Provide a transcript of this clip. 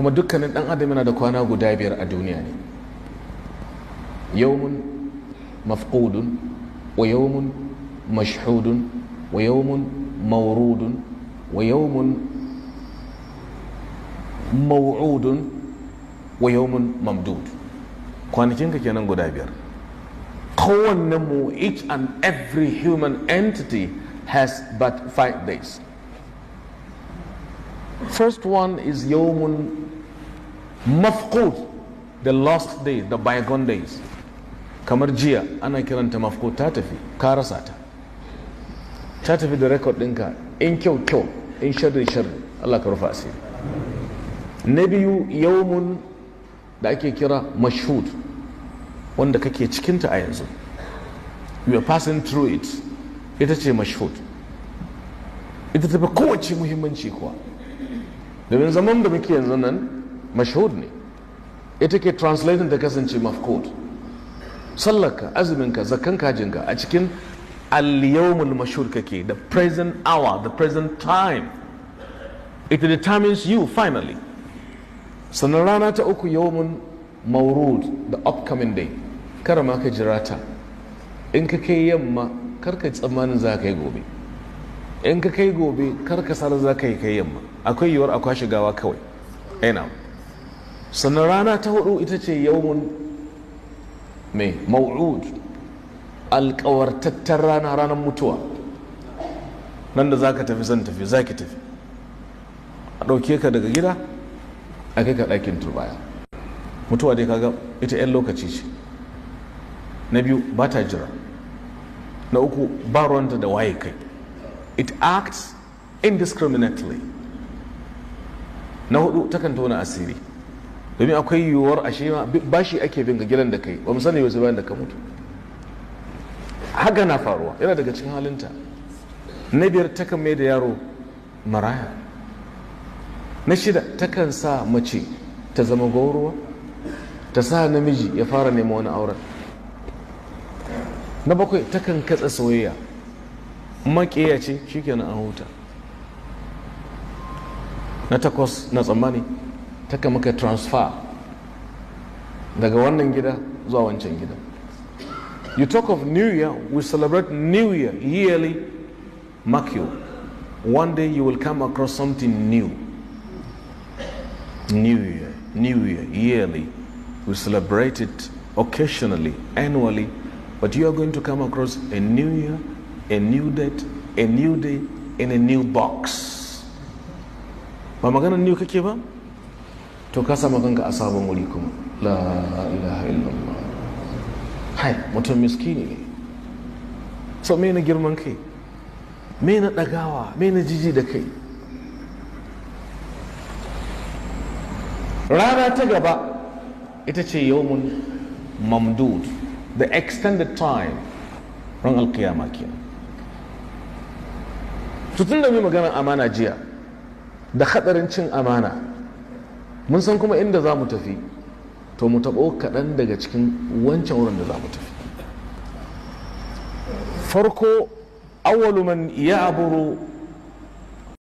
kuma dukkanin dan adam yana da kwana guda biyar a duniya ne yawmun mafqudun wa yawmun mashhudun wa yawmun mawrudun wa yawmun maw'udun wa yawmun mamdud kwanakinka kenan guda biyar Kowanne mu each and every human entity has but five days First one is Yawmun Mafqud, the lost day, the bygone days. Kamar jiya ana kiranta mafqud ta tafi, ka rasa ta. Ta tafi da record ɗinka in kyau kyau, in sharri sharri, Allah ka rufa asiri. Na biyu Yawmun da ake kira mashhud wanda kake cikinta a yanzu. You are passing through it. Ita ce mashhud. Ita tafi kowace muhimmanci kuwa. domin zaman da muke yanzu nan mashahud ne ita ke translating ta kasance mafkod sallaka azuminka zakan kajinka a cikin al-yawmul kake the present hour the present time it determines you finally sannan rana ta uku yawmun maurud the upcoming day kar ma ka jira ta in ka kai yamma kar ka tsammanin za ka yi gobe in ka kai gobe kar ka sarar za ka yi kai yamma akwai yiwuwar akwai shigawa kawai ina eh, sannan rana ta hudu ita ce yawon mai mau'ud alkawartattar rana ranar mutuwa nan da za ka tafi zan tafi za ki tafi a ɗauke ka daga gida a kai ka ɗakin turbaya mutuwa dai kaga ita 'yan lokaci ce na biyu ba ta jira na uku ba ruwanta da waye kai it acts indiscriminately na hudu takan tona asiri domin akwai yiwuwar ashe ma ba shi ake bin gidan da kai ba mu sani bayan da ka mutu haka na faruwa yana daga cikin halinta na biyar takan mai da yaro maraya na shida takan sa mace ta zama gauruwa ta sa namiji ya fara neman wani auren na bakwai takan katsa soyayya maƙiya ce shikenan an huta na takwas na tsammani taka maka transfer daga wannan gida zuwa wancan gida you talk of new year we celebrate new year yearly mark you one day you will come across something new new year new year yearly we celebrate it occasionally annually but you are going to come across a new year a new date a new day in a new box ba magana new kake ba to ka samu ga a sabon wuri kuma la ilaha illallah hai mutum miskini ne so me na girman kai me na dagawa me na jiji da kai rana ta gaba ita ce mun mamdud the extended time ran alkiyama kenan tutun da mai maganar amana jiya da hadarin cin amana mun san kuma inda za mu tafi to mu taɓo kaɗan daga cikin wancan wurin da za mu tafi farko awwalu man ya